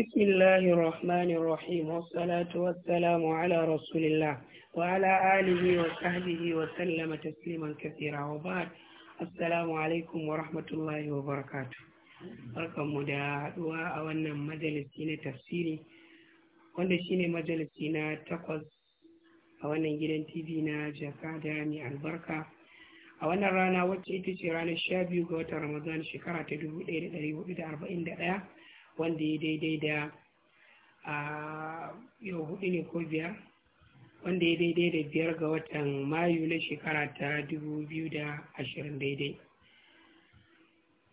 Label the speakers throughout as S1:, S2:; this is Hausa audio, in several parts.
S1: بسم الله الرحمن الرحيم والصلاة والسلام على رسول الله وعلى آله وصحبه وسلم تسليما كثيرا وبعد السلام عليكم ورحمة الله وبركاته barkan mu da haɗuwa a wannan majalisi na tafsiri wanda shine majalisi na takwas a wannan gidan tv na jakada mai albarka a wannan rana wacce ita ce ranar sha biyu ga watan ramadan shekara ta dubu ɗaya da ɗari hudu da arba'in da ɗaya wanda ya daidai da yau hudu ne ko biyar wanda ya daidai da biyar ga watan mayu na shekara ta dubu biyu da ashirin daidai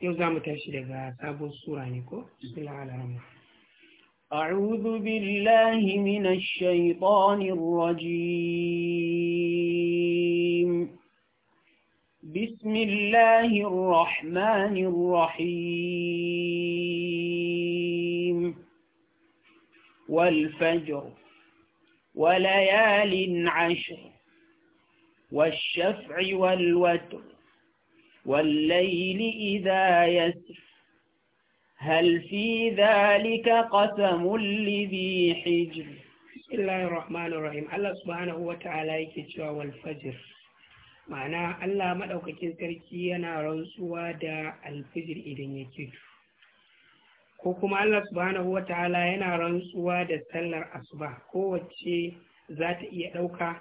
S1: yau za mu tashi daga sabon sura ne ko bismillah أعوذ بالله من الشيطان الرجيم بسم الله الرحمن الرحيم والفجر وليال عشر والشفع والوتر والليل إذا يسر هل في ذلك قسم لذي حجر بسم الله الرحمن الرحيم الله سبحانه وتعالى يكتشوى والفجر ma'ana الله ملوك sarki yana rantsuwa da الفجر idan ya ko kuma Allah subhanahu wa ta'ala yana rantsuwa da sallar asuba kowace za ta iya ɗauka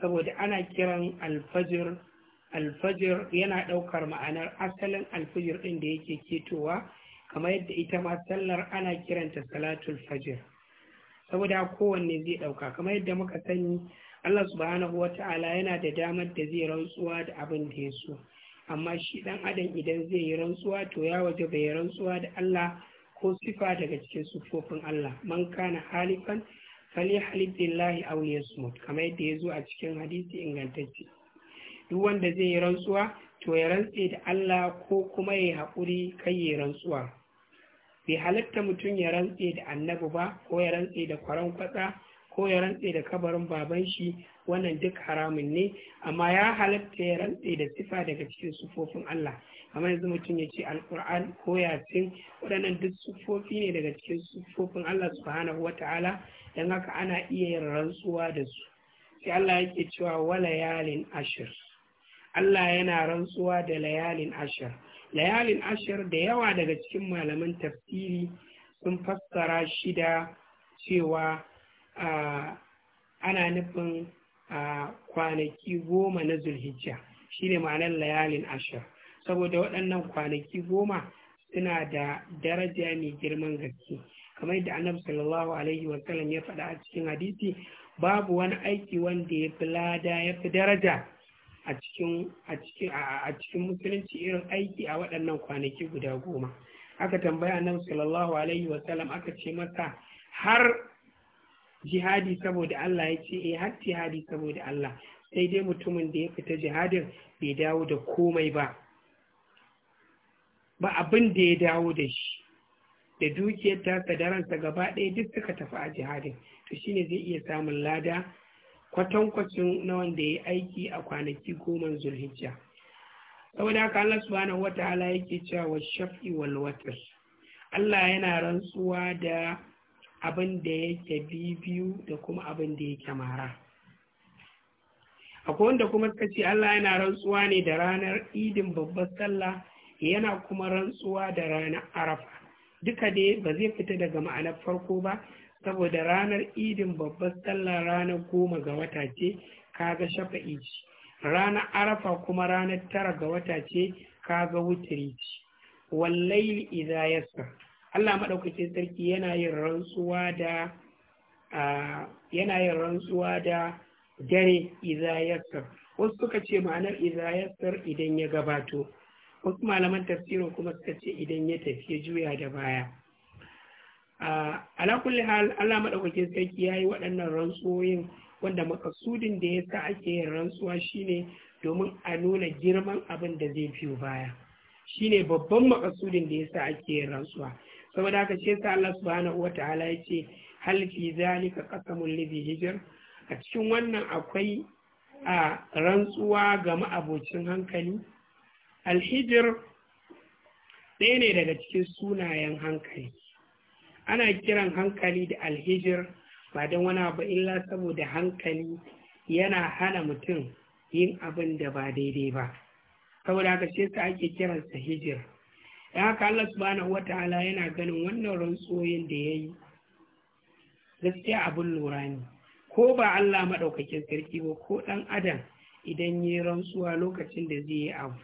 S1: saboda ana kiran alfajir alfajir yana ɗaukar ma'anar asalin alfajir ɗin da yake ketowa kamar yadda ita ma sallar ana kiranta salatul fajir saboda kowanne zai ɗauka kamar yadda muka sani Allah subhanahu wa ta'ala yana da damar da zai rantsuwa da abin da ya so amma shi ɗan adam idan zai yi rantsuwa to ya waje bai rantsuwa da Allah ko sifa daga cikin sufofin Allah man kana halifan fali halibillahi aw yasmut kamar yadda ya zo a cikin hadisi ingantacce duk wanda zai yi rantsuwa to ya rantse da Allah ko kuma ya haƙuri kai ya rantsuwa bai halatta mutum ya rantse da annabi ba ko ya rantse da kwaran kwatsa ko ya rantse da kabarin baban shi wannan duk haramun ne amma ya halatta ya rantse da sifa daga cikin sufofin Allah kamar yanzu mutum ya ce alƙur'an ko yasin waɗannan duk siffofi ne daga cikin siffofin Allah subhanahu wa ta'ala don haka ana iya yin rantsuwa da su sai Allah yake cewa wa layalin ashir Allah yana rantsuwa da layalin ashir layalin ashir da yawa daga cikin malaman tafsiri sun fassara shida cewa ana nufin kwanaki goma na zulhijja shine ma'anar layalin ashir saboda waɗannan kwanaki goma suna da daraja mai girman gaske kamar da annabi sallallahu alaihi sallam ya faɗa a cikin hadisi babu wani aiki wanda ya fi lada ya fi daraja a cikin a cikin musulunci irin aiki a waɗannan kwanaki guda goma aka tambaya annabi sallallahu alaihi sallam aka ce masa har jihadi saboda Allah ya ce eh har jihadi saboda Allah sai dai mutumin da ya fita jihadin bai dawo da komai ba ba abin da ya dawo da shi da dukiyar tasa da ransa gaba ɗaya duk suka tafi a jihadin to shine zai iya samun lada kwatankwacin na wanda ya aiki a kwanaki goma zulhijja saboda haka Allah subhanahu wataala yake cewa shafi wal watr Allah yana rantsuwa da abin da yake bibiyu da kuma abin da yake mara akwai wanda kuma suka ce Allah yana rantsuwa ne da ranar idin babbar sallah yana kuma rantsuwa da ranar arafa duka dai ba zai fita daga ma'anar farko ba saboda ranar idin babbar sallah ranar goma ga wata ce kaga shafa'i ce ranar arafa kuma ranar tara ga wata ce kaga wutiri ce wallaili idza sa? Allah maɗaukacin sarki yana yin rantsuwa da yana yin rantsuwa da dare iza yassar wasu suka ce ma'anar iza idan ya gabato wasu malaman tafsirin kuma suka ce idan ya tafi ya juya da baya ala kulli hal Allah madaukakin sarki yayi waɗannan rantsuwoyin wanda makasudin da yasa ake yin rantsuwa shine domin a nuna girman abin da zai fi baya shine babban makasudin da yasa ake yin rantsuwa saboda haka shi yasa Allah subhanahu wataala yace hal fi zalika qasamul ladhi hijr a cikin wannan akwai a rantsuwa ga ma'abocin hankali alhijir ɗaya ne daga cikin sunayen hankali ana kiran hankali da alhijir ba don wani abu illa saboda hankali yana hana mutum yin abin da ba daidai ba saboda haka shi yasa ake kiransa hijir Ya haka Allah subhanahu ta'ala yana ganin wannan rantsoyin da ya yi gaskiya abin lura ne ko ba Allah maɗaukakin sarki ba ko ɗan adam idan ya yi rantsuwa lokacin da zai yi abu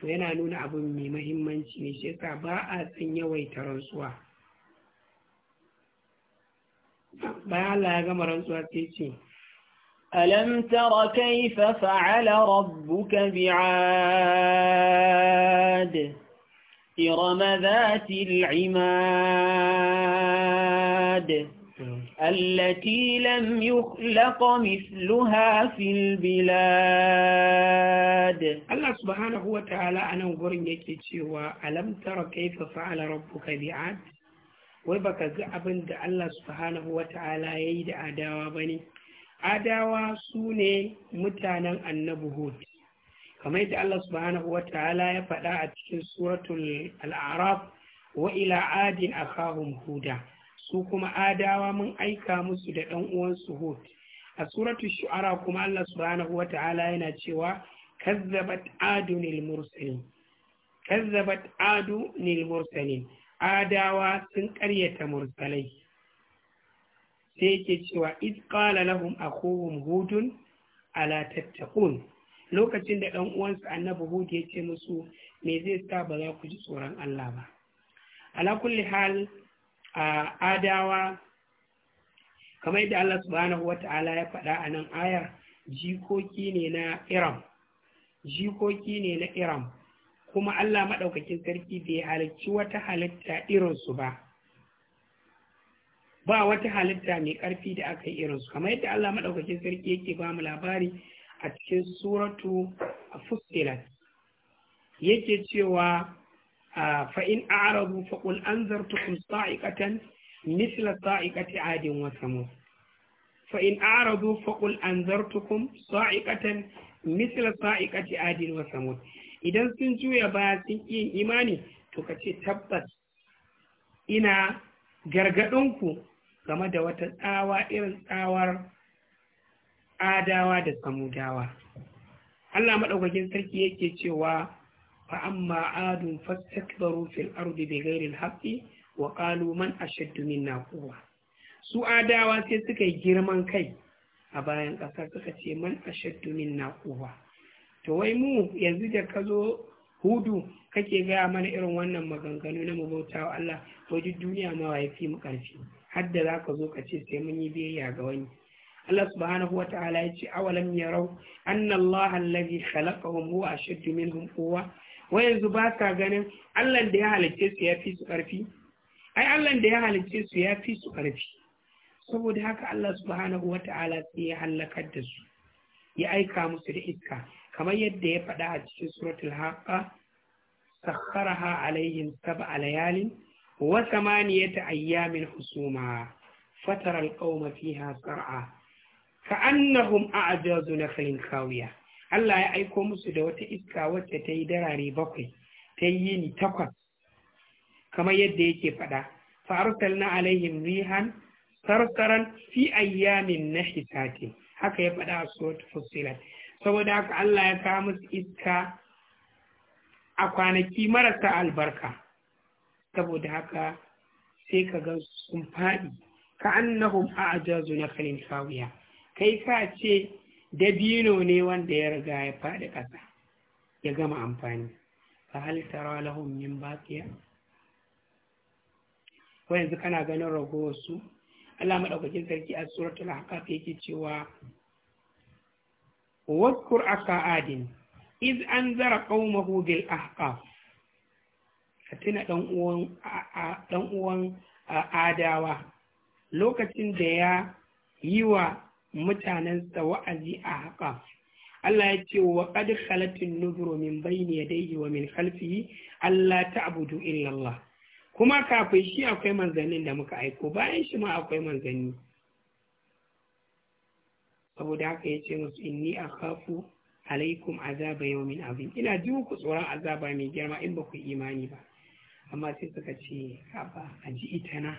S1: to yana nuna abin mai mahimmanci ne shi yasa ba a san yawaita rantsuwa bayan Allah ya gama rantsuwa sai ce alam tara كيف fa'ala rabbuka bi'ad إرم ذات العماد التي لم يخلق مثلها في البلاد الله سبحانه وتعالى أنا أقول لك ألم ترى كيف فعل ربك بعاد وبك أبن الله سبحانه وتعالى يد أداوى بني أداوى سوني متانا النبهود كما يد الله سبحانه وتعالى يفعل أتكين سورة الأعراف وإلى عاد أخاهم هودا su kuma adawa mun aika musu da ɗan uwansu hud a suratu shu'ara kuma Allah subhanahu wa ta'ala yana cewa kazzabat adu mursalin kazzabat adu mursalin adawa sun ƙaryata mursalai sai yake cewa id qala lahum akhuhum hudun ala tattaqun lokacin da ɗan uwansa annabi hud ya ce musu me zai sa ba za ku ji tsoron Allah ba ala kulli hal a adawa kamar yadda Allah subhanahu wa ta'ala ya faɗa a nan ayar jikoki ne na iram jikoki ne na iram kuma Allah maɗaukakin sarki bai halarci wata halitta irinsu ba ba wata halitta mai ƙarfi da aka yi irinsu kamar yadda Allah maɗaukakin sarki yake ba mu labari a cikin suratu a fusilat yake cewa fa'in arabu faƙul an zartukun sa'ikatan misla sa'ikati adin wa samud fa'in arabu faƙul an zartukun sa'ikatan misla sa'ikati adin wa samud idan sun juya ba sun yin imani to ka ce tabbas ina gargaɗinku game da wata tsawa irin tsawar adawa da samudawa Allah maɗaukakin sarki yake cewa فأما عاد فاستكبروا في الأرض بغير الحق وقالوا من أشد منا قوة su adawa sai suka yi girman kai a bayan ƙasa suka ce man ashaddu minna quwa to wai mu yanzu da ka zo hudu kake gaya mana irin wannan maganganu na mabauta wa Allah wajen duniya ma ya fi mu ƙarfi har da za ka zo ka ce sai mun yi biyayya ga wani Allah subhanahu wa ta'ala ya ce awalam yarau anna Allah allazi khalaqahum huwa ashaddu minhum quwwa wai yanzu ba ka ganin Allah da ya halicce su ya fi su ƙarfi ai Allah da ya halicce su ya fi su ƙarfi saboda haka Allah subhanahu wata'ala sai ya hallakar da su ya aika musu da iska kamar yadda ya faɗa a cikin suratul haqqa sakharaha alaihim sab'a layalin wa thamaniyata ayyamin husuma fatara alqawma fiha sar'a annahum a'jazu nakhlin khawiya Allah ya aiko musu da wata iska wacce ta yi darare bakwai ta yi ni takwas kamar yadda yake faɗa farsal na alaihim rihan sarsaran fi ayyamin nahisati haka ya faɗa a surat fusilat saboda haka Allah ya kawo musu iska a kwanaki marasa albarka saboda haka sai ka ga sun faɗi ka annahum a ajazu na kalin kai ka ce dabino ne wanda ya riga ya faɗi ƙasa ya gama amfani fa hal tara lahum min baqiya ko yanzu kana ganin ragowar su Allah madaukakin sarki a suratul ahqaf yake cewa aka adin iz an أنذر قومه بالأحقاف katina dan uwan dan uwan adawa lokacin da ya yi wa mutanensa wa'azi a haƙa. Allah ya ce wa qad khalatin nuzuru min bayni yadayhi wa min khalfihi Allah ta'budu illa illallah. kuma kafin shi akwai manzannin da muka aiko bayan shi ma akwai manzanni saboda haka ya ce musu inni akhafu alaikum azaba yawmin azim ina ji ku tsoron azaba mai girma in ba ku imani ba amma sai suka ce haba a ji ita na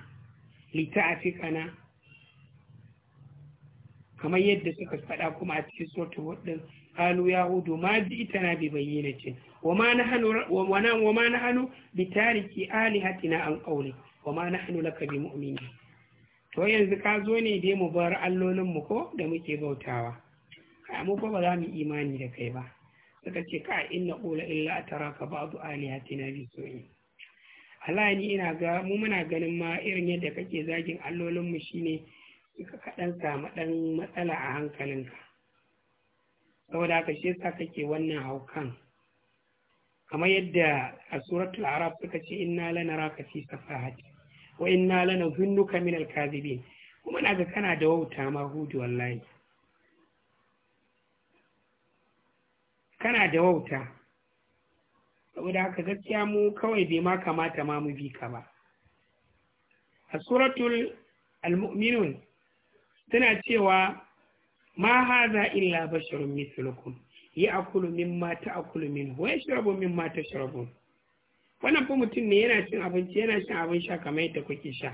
S1: lita a na kamar yadda suka faɗa kuma a cikin sautin waɗin din ya hudu ma bi na bi ce wa ma na hannu, bi tariki an qawli wa ma na hannu laka bi mu'minin to yanzu ka zo ne dai mu bar allolin mu ko da muke bautawa ka mu ba za mu imani da kai ba suka ce ka inna qula illa ataraka ba'du alihatina bi su'in Allah ni ina ga mu muna ganin ma irin yadda kake zagin allolin mu shine suka kaɗan samu ɗan matsala a hankalinka saboda haka shi yasa kake wannan haukan kamar yadda a suratul arab suka ce inna raka fi safahati wa inna zunnuka min alkadhibin kuma naga kana da wauta ma hudu wallahi kana da wauta saboda haka gaskiya mu kawai bai ma kamata ma mu bi ka ba a suratul al-mu'minun tana cewa ma haza illa basharun mislukum ya akulu ma ta akulu min wa ma ta shirabu wannan fa mutum ne yana cin abinci yana cin abin sha kamar yadda kuke sha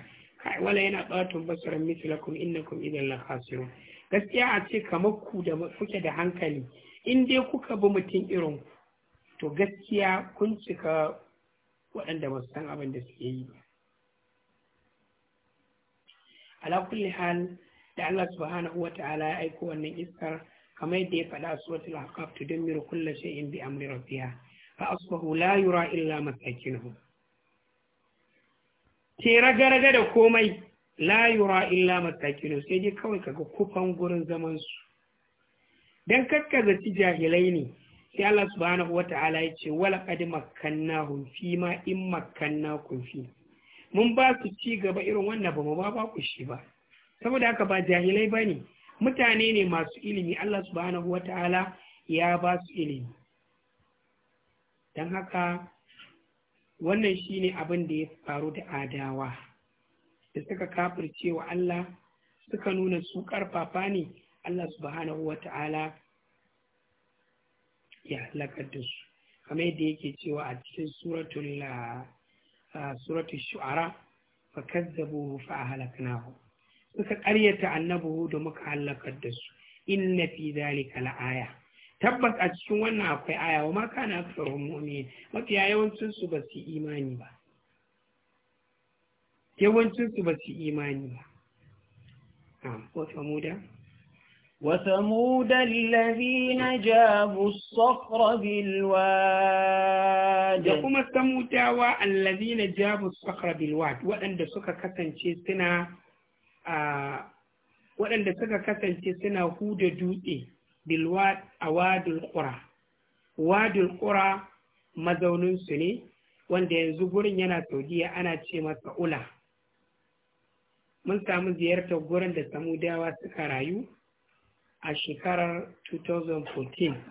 S1: wala yana qatun basharun mislukum innakum idan la khasirun gaskiya a ce kamar ku da kuke da hankali in dai kuka bi mutum irin to gaskiya kun cika waɗanda ba su san abin da suke yi ba ala kulli hal da Allah subhanahu wa ta'ala ya aiko wannan iskar kamar yadda ya faɗa a suratul ahqaf tudammiru kulla shay'in bi amri rabbiha fa asbahu la yura illa masakinuhu ce raga da komai la yura illa masakinuhu sai dai kawai kaga kufan gurin zaman su dan ci jahilai ne sai Allah subhanahu wa ta'ala ya ce wala qad makkannahum fi ma in makkannakum fi mun ba su ci gaba irin wannan ba mu ba ba ku shi ba saboda haka ba jahilai ba ne mutane ne masu ilimi Allah subhanahu wa ta'ala ya ba su ilimi don haka wannan shine abin da ya faru da adawa da suka kafirce wa Allah suka nuna su karfafa ne Allah subhanahu wa ta'ala ya halakar da su kamar yadda yake cewa a cikin suratul ah, shu'ara fa kazzabu fa ahlaknahum suka ƙaryata annabi hudu muka halakar da su inna fi zalika la'aya tabbas a cikin wannan akwai aya wa ma kana tsoron mu'mini mafiya yawancin su ba su imani ba yawancin su ba su imani ba ko samuda وثمود الذين جابوا الصخر بالواد يقوم الثمود الذين جابوا الصخر بالواد وأن suka كتن suna. waɗanda suka kasance suna huda dutse a wadul ƙura wadul ƙura mazauninsu ne wanda yanzu gurin yana saudiya ana ce masa ula mun samu ziyartar gurin da samudawa suka rayu a shekarar 2014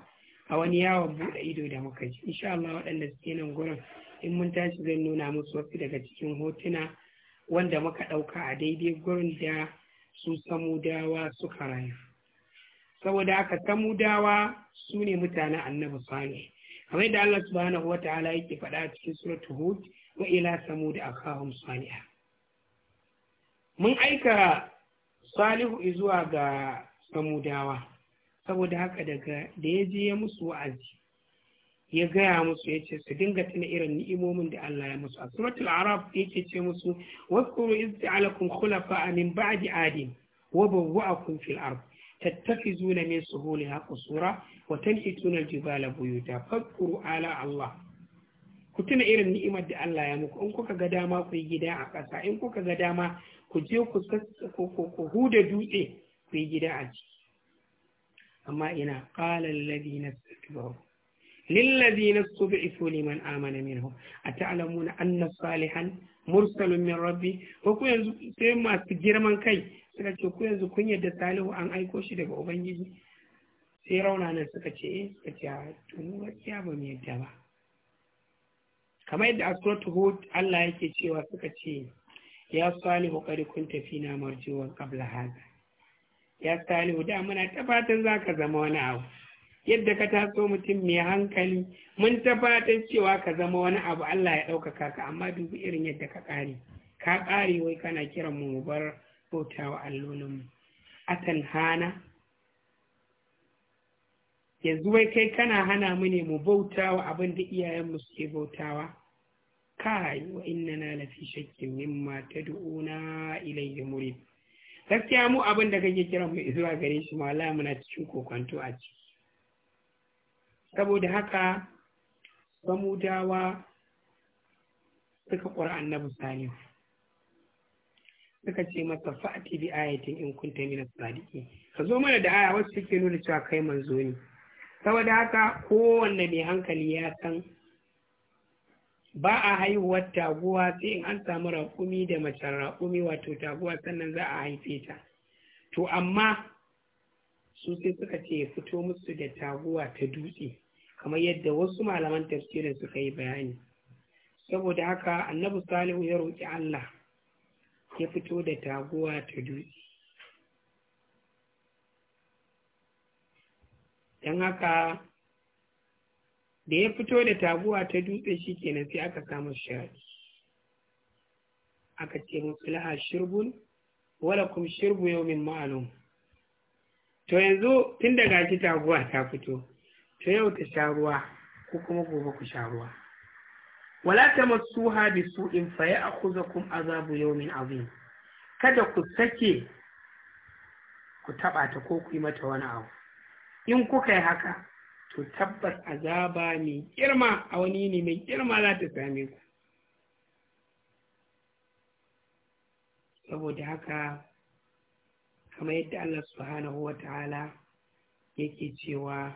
S1: a wani yawon buɗe ido da muka ji insha waɗanda suke nan gurin in mun tashi zai nuna musu wasu daga cikin hotuna wanda muka ɗauka a daidai gurin da su samudawa suka rayu saboda aka samudawa su ne mutanen annabi sani kamar da Allah subhanahu wa ta'ala yake faɗa a cikin suratu hud wa ila samud akahum saniya. mun aika salihu zuwa ga samudawa saboda haka daga da ya je ya musu wa'azi ya gaya musu ya ce su dinga tuna irin ni'imomin da Allah ya musu a suratul arab ya ce ce musu waskuru kulafa a min ba'di adin wa bawwa'akum fil ard tattafizuna min suhuliha qusura wa tanhituna jibala buyuta fakuru ala Allah ku tuna irin ni'imar da Allah ya muku in kuka ga dama ku yi gida a ƙasa in kuka ga dama ku je ku ku huda dutse ku yi gida a ciki amma ina qala alladhina istakbaru للذين استضعفوا لمن آمن منهم أتعلمون أن صالحا مرسل من ربي وكو ينزو سيما سجير من كي سكتشو كو ينزو كن يد صالح عن أي كوشي دك بنجي سيرونا أنا سكتشي إيه سكتشي تنو وكيا بمي الدبا كما يد أسرة هود الله يكيشي وسكتشي يا صالح قد كنت فينا مرجوا قبل هذا يا صالح دعمنا منا تفاتن ذاك زمان أو yadda ka taso mutum mai hankali mun tabbatar cewa ka zama wani abu Allah ya ɗaukaka ka amma dubu irin yadda ka ƙare ka ƙare wai kana kiran mu bar bautawa allolinmu atan hana yanzu wai kai kana hana mu ne mu bautawa abin da iyayenmu suke bautawa kai wa na lafi shakkin mimma du'una ilayhi murid gaskiya mu abin da kake kiran mu zuwa gare shi mala muna cikin kokonto a ciki saboda haka dawa suka ƙura annabi sani suka ce masa fa'ati bi ayatin in kunta min as ka zo mana da aya wacce take nuna cewa kai manzo ne saboda haka kowanne mai hankali ya san ba a haihuwar taguwa sai in an samu raƙumi da mace raƙumi wato taguwa sannan za a haife ta to amma su sai suka ce fito musu da taguwa ta dutse kamar yadda wasu malaman tafsirin suka yi bayani saboda haka annabi salihu ya roƙi allah ya fito da taguwa ta dutse don haka da ya fito da taguwa ta dutse shi kenan sai aka samu shiraɗi aka ce musu shirbun wala kum shirbu yau min ma'alum to yanzu tun daga shi taguwa ta fito ta yau ta sha ruwa ko kuma gobe ku sha ruwa wala ta in bi a kuza kun azabu min azim kada ku sake ku taɓa ta ko ku yi mata wani abu in kuka yi haka to tabbas azaba mai girma a wani ne mai girma za ta same ku saboda haka kamar yadda Allah subhanahu wa ta'ala yake cewa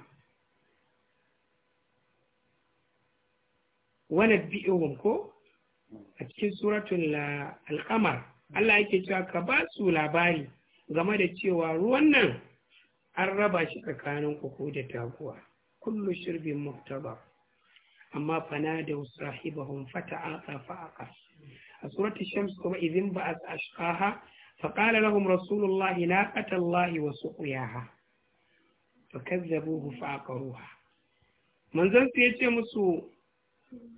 S1: wani bi'ihun ko a cikin suratul al'amar Allah yake cewa ka ba su labari game da cewa ruwan nan an raba shi tsakanin kuku da taguwa kullu shirbin muhtaba amma fana da sahibahum fata'aqa fa'aqa a suratul shams kuma idin ba'at ashqaha فقال لهم رسول الله ناقة الله وسقياها فكذبوه ruwa. manzon sai ya ce musu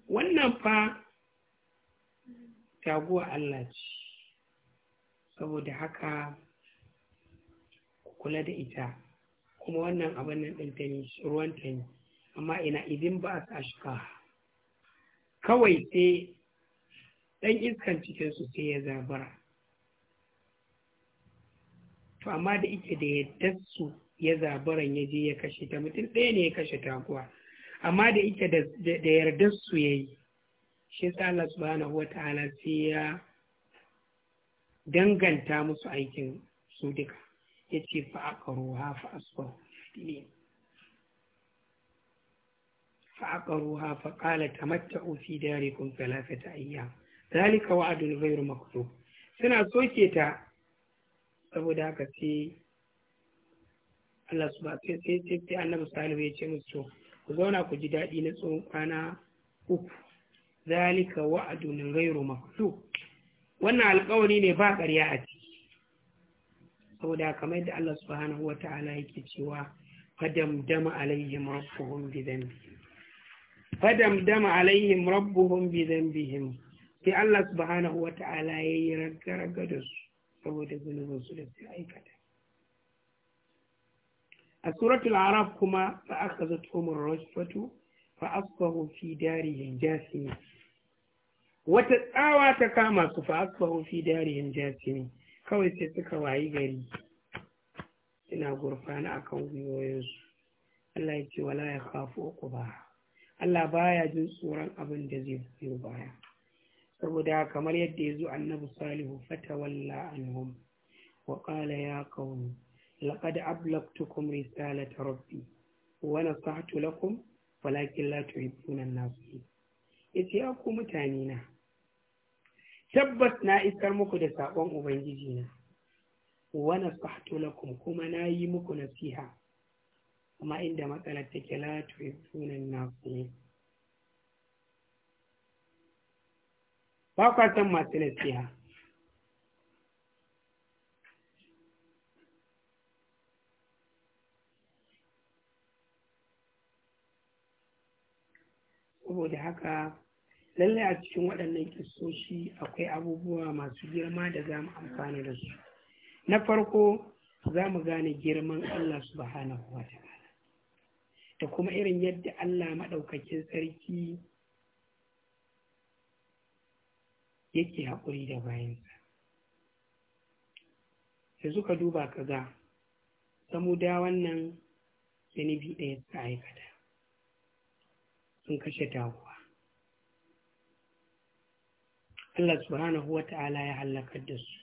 S1: wannan fa taguwa Allah ce saboda haka kula da ita kuma wannan abin nan ɗin ta ne ruwan ta ne amma ina idin ba a ashka kawai sai ɗan iskan cikinsu sai ya zabara to amma da ike da ya ya zabaran ya je ya kashe ta mutum ɗaya ne ya kashe taguwa amma da ita da yardar su yayi shi sa Allah subhanahu wata'ala sai ya danganta musu aikin su duka ya yace fa aqruha fa asbahu فعقروها فقال تمتعوا في داركم ثلاثة أيام ذلك وعد غير مكتوب سنة ta saboda haka sai Allah subhanahu sai sai sai annabi salihu ya ce musu ku zauna ku ji daɗi na tsawon kwana uku zalika wa'adun ghairu makhluq wannan alƙawari ne ba ƙarya a ciki saboda kamar yadda Allah subhanahu wata'ala yake cewa fadamdama alaihim rabbuhum bi dhanbihim fadamdama alaihim rabbuhum bi dhanbihim sai Allah subhanahu wata'ala yayi ragaraga da su saboda zunubin su da su aikata a suratul araf kuma aka akhazatuhum ar-rajfatu fa asbahu fi darihim jasimin wata tsawa ta kama su fa asbahu fi darihim jasimin kawai sai suka wayi gari Ina gurfana akan gwiwoyinsu Allah ya ce wala ya uku ba. Allah baya jin tsoron abin da zai biyo baya saboda kamar yadda ya zo annabi salihu walla anhum wa qala ya qaumi لقد أبلغتكم رسالة ربي ونصحت لكم ولكن لا تحبون الناصحين yace ya ku mutane na tabbas na isar muku da saƙon ubangiji na wa nasahtu lakum kuma na yi muku nasiha amma inda matsalar take la tuhibbuna nasihin ba kwa masu nasiha saboda haka lallai a cikin waɗannan kisoshi akwai abubuwa masu girma da za mu amfana da su na farko za mu gane girman allah subhanahu wa ta'ala da kuma irin yadda allah maɗaukakin sarki yake haƙuri da bayansa Da suka duba ka ga da wannan yanibi ɗaya ta aikata sun kashe takuwa. Allah subhanahu wa ta'ala ya hallaka da su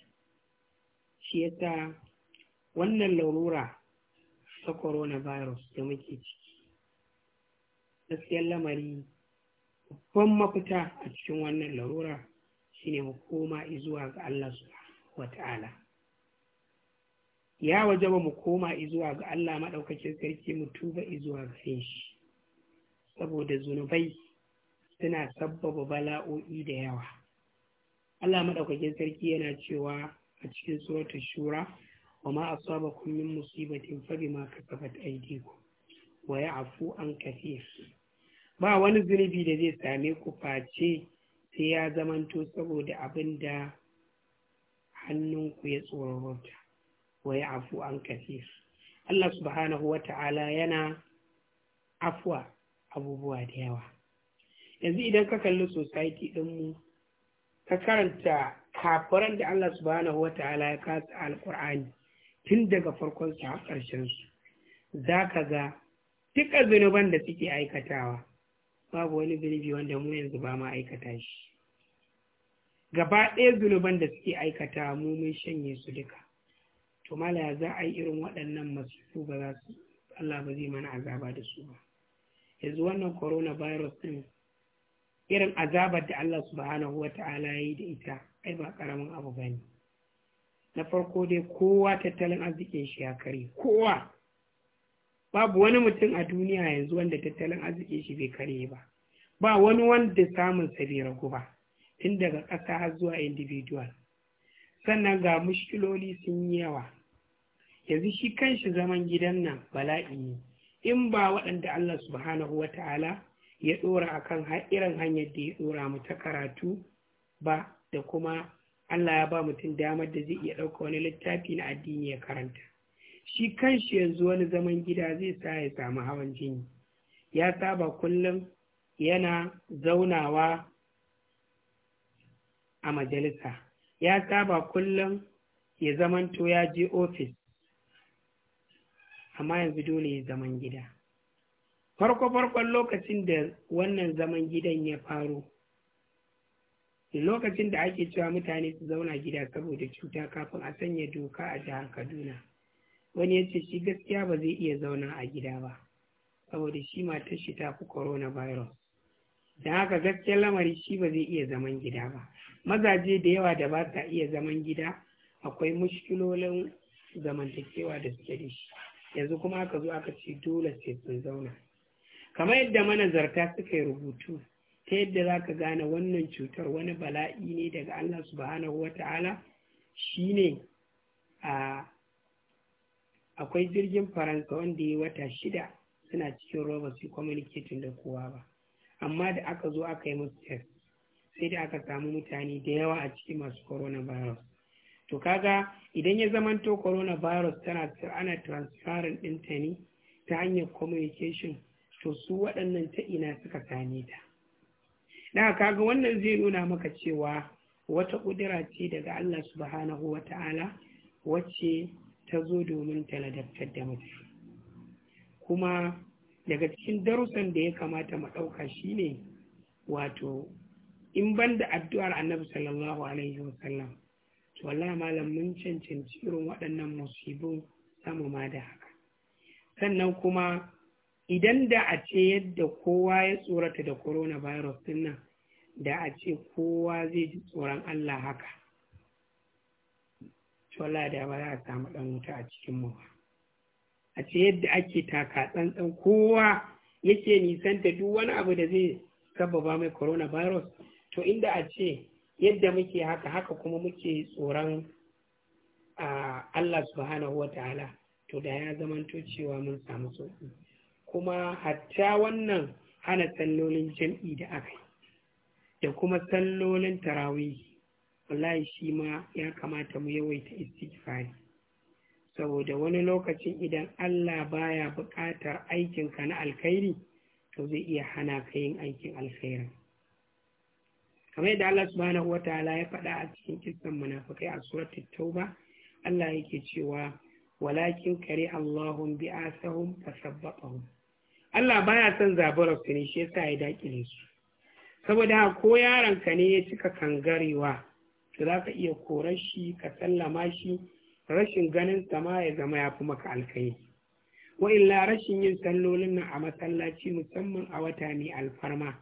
S1: shi yasa wannan larura ta coronavirus da muke ciki gaskiyar lamari babban mafita a cikin wannan larura shine mu koma izuwa ga Allah subhanahu wa ta'ala ya wajaba mu koma izuwa ga Allah maɗaukacin sarki mu tuba izuwa ga shi saboda zunubai suna sabbaba bala'o'i da yawa Allah maɗaukakin sarki yana cewa a cikin suratul shura wa ma saba min musibatin fa bima kasabat aydikum wa ya'fu an kathir ba wani zunubi da zai same ku face sai ya zamanto saboda abin da hannunku ya tsoronta wa ya'fu an kathir Allah subhanahu wa ta'ala yana afwa abubuwa da yawa yanzu idan ka kalli society ɗinmu ka karanta kafiran da Allah subhanahu wa ta'ala ya kasa alkur'ani tun daga farkon sa a ƙarshen su za ka ga duka zunuban da suke aikatawa babu wani zunubi wanda mu yanzu ba ma aikata shi gaba ɗaya zunuban da suke aikata mu mun shanye su duka to mala za a yi irin waɗannan masu ba za su Allah ba zai mana azaba da su ba yanzu wannan coronavirus din irin azabar da Allah subhanahu wa ta'ala ya yi da ita ai ba karamin abu ba ne na farko dai kowa tattalin arzikin shi ya kare kowa babu wani mutum a duniya yanzu wanda tattalin arzikin shi bai kare ba ba wani wanda samun sa bai ragu ba tun daga ƙasa har zuwa individual sannan ga mushkiloli sun yi yawa yanzu shi kanshi zaman gidan nan bala'i ne in ba waɗanda Allah subhanahu wa ta'ala ya ɗora a kan irin hanyar da ya ɗora mu ta karatu ba da kuma Allah ya ba mutum damar da zai iya ɗauka wani littafi na addini ya karanta. Shi kanshi yanzu wani zaman gida zai sa ya samu hawan jini. Ya saba kullum yana zaunawa a majalisa. Ya saba kullum ya zamanto ya je ofis amma yanzu dole ya zaman gida farko-farkon lokacin da wannan zaman gidan ya faro lokacin da ake cewa mutane su zauna gida saboda cuta kafin a sanya doka a jihar kaduna wani ya ce shi gaskiya ba zai iya zauna a gida ba saboda shi matar shi ta fi coronavirus da haka gaskiya lamari shi ba zai iya zaman gida ba mazaje da yawa da ba sa iya zaman gida akwai mushkilolin zamantakewa da suke da shi yanzu kuma aka zo aka ce dole sai sun zauna kamar yadda manazarta suka yi rubutu ta yadda za ka gane wannan cutar wani bala'i ne daga Allah subhanahu wa ta'ala shi ne akwai jirgin faransa wanda ya yi wata shida suna cikin roba su communicating da kowa ba amma da aka zo aka yi masu test sai da aka samu mutane da yawa a cikin masu coronavirus to kaga idan ya zamanto coronavirus tana ana transferin ɗinta ne ta hanyar communication to su waɗannan ta ina suka same ta da kaga wannan zai nuna maka cewa wata ƙudura ce daga Allah subhanahu wa ta'ala wacce ta zo domin ta ladabtar da mutum kuma daga cikin darussan da ya kamata mu ɗauka shine wato in banda addu'ar annabi sallallahu alaihi wasallam to wallahi malam mun cancanci irin waɗannan musibin samu ma da haka sannan kuma idan da a ce yadda kowa ya tsorata da coronavirus din nan da a ce kowa zai ji tsoron Allah haka to wallahi da ba za a samu ɗan wuta a cikin mu ba a ce yadda ake taka tsantsan kowa yake nisanta duk wani abu da zai sababa mai Corona Virus. to inda a ce yadda muke haka haka kuma muke tsoron Allah subhanahu ta'ala to da ya zamanto cewa mun samu sauki kuma hatta wannan hana sallolin jam'i da aka yi da kuma sallolin tarawih wallahi shi ma ya kamata mu yawaita istighfari saboda wani lokacin idan Allah baya buƙatar aikinka na alkhairi to zai iya hana ka yin aikin alkhairin kamar yadda Allah subhanahu wa ta'ala ya faɗa a cikin kissan munafikai a suratul tauba Allah yake cewa walakin kare allahu bi asahum tasabbatahum Allah baya son zaburar su ne shi yasa ya dakile su saboda ko yaron ka ne ya cika kangarewa to za ka iya korar shi ka sallama shi rashin ganin sama ya zama ya fi maka alkai wa illa rashin yin sallolin nan a masallaci musamman a wata ne alfarma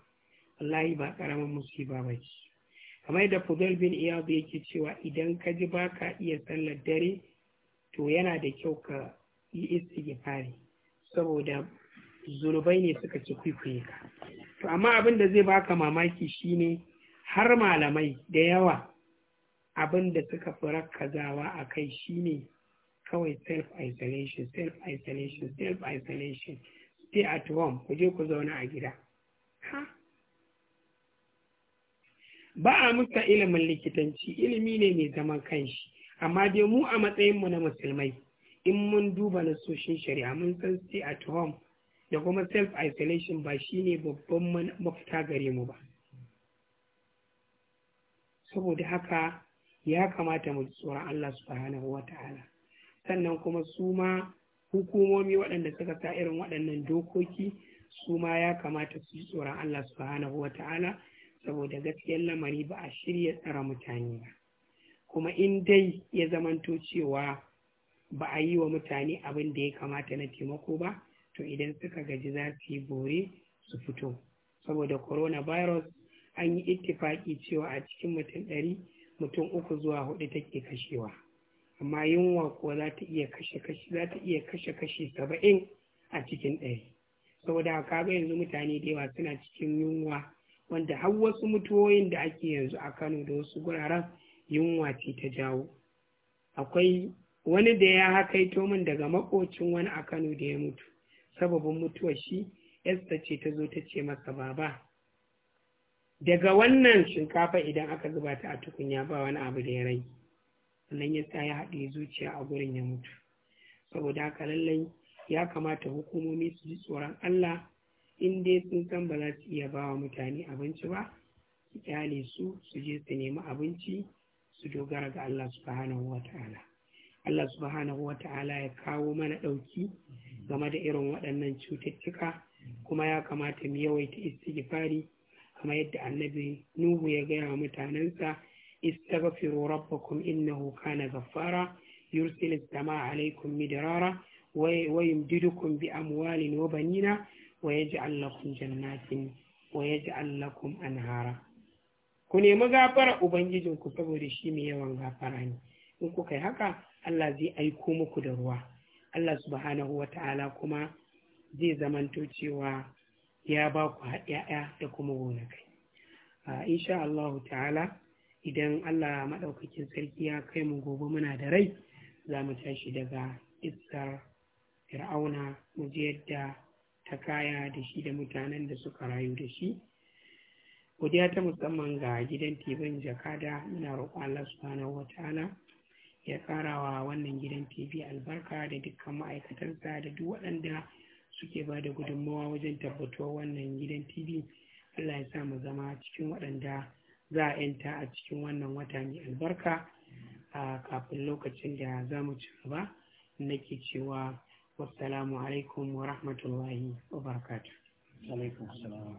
S1: wallahi ba karamin musiba ba ce kamar da fudel bin iyadu yake cewa idan ka ji ba ka iya sallar dare to yana da kyau ka yi istighfari saboda zunubai ne suka ci kwikwiye ka to amma abin da zai baka mamaki shine har malamai da yawa abin da suka fi rakkazawa a kai shine kawai self isolation self isolation self isolation stay at home ku je ku zauna a gida ba a muka ilimin likitanci ilimi ne mai zaman kanshi amma dai mu a matsayinmu na musulmai in mun duba soshin shari'a mun san stay at home da kuma self isolation ba shi ne babban mafita gare mu ba saboda haka ya kamata mu tsoron Allah subhanahu wa ta'ala sannan kuma su ma hukumomi waɗanda suka sa irin waɗannan dokoki su ma ya kamata su tsoron Allah subhanahu wa ta'ala saboda gaskiyar lamari ba a shirya tsara mutane ba kuma in dai ya zamanto cewa ba a yi wa mutane abin da ya kamata na taimako ba to idan suka gaji za su yi bore su fito saboda corona virus an yi ittifaki cewa a cikin mutum ɗari mutum uku zuwa hudu take kashewa amma yunwa kuwa za ta iya kashe kashi za ta kashe saba'in a cikin ɗari saboda haka yanzu mutane da yawa suna cikin yunwa wanda har wasu mutuwoyin da ake yanzu a Kano da wasu guraren yunwa ce ta jawo akwai wani da ya hakaito min daga makocin wani a Kano da ya mutu sababin mutuwar shi Esther ce ta zo ta ce masa baba daga wannan shinkafa idan aka zuba ta a tukunya ba wani abu da ya rai sannan ya sa ya haɗe zuciya a gurin ya mutu saboda haka lallai ya kamata hukumomi su ji tsoron Allah in dai sun san ba za su iya ba wa mutane abinci ba su kyale su su je su nemi abinci su dogara ga Allah subhanahu wa ta'ala Allah subhanahu wa ta'ala ya kawo mana ɗauki game da irin waɗannan cututtuka kuma ya kamata mu yawaita istighfari kamar yadda annabi Nuhu ya gaya wa mutanensa istaghfiru rabbakum innahu kana ghaffara yursilis samaa alaikum midrara wa yumdidukum bi amwalin wa banina wa yaj'al lakum jannatin wa yaj'al lakum anhara ku nemi ubangijin ku saboda shi mai yawan gafara ne in kuka yi haka Allah zai aiko muku da ruwa Allah subhanahu wa ta'ala kuma zai zamanto cewa ya ba ku ya'ya da kuma gonakai insha Allah ta'ala idan Allah maɗaukakin sarki ya kai mu gobe muna da rai za mu tashi daga iskar fir'auna mu ji yadda ta kaya da shi da mutanen da suka rayu da shi godiya ta musamman ga gidan tibin jakada muna roƙo Allah subhanahu wataala ya karawa wannan gidan tv albarka da dukkan ma'aikatansa da duk waɗanda suke ba da gudunmawa wajen tabbatuwa wannan gidan tv Allah ya sa mu zama cikin waɗanda za a yanta a cikin wannan wata mai albarka a kafin lokacin da za mu ci gaba nake cewa wassalamu alaikum wa rahmatullahi wa barakatuh alaikum assalam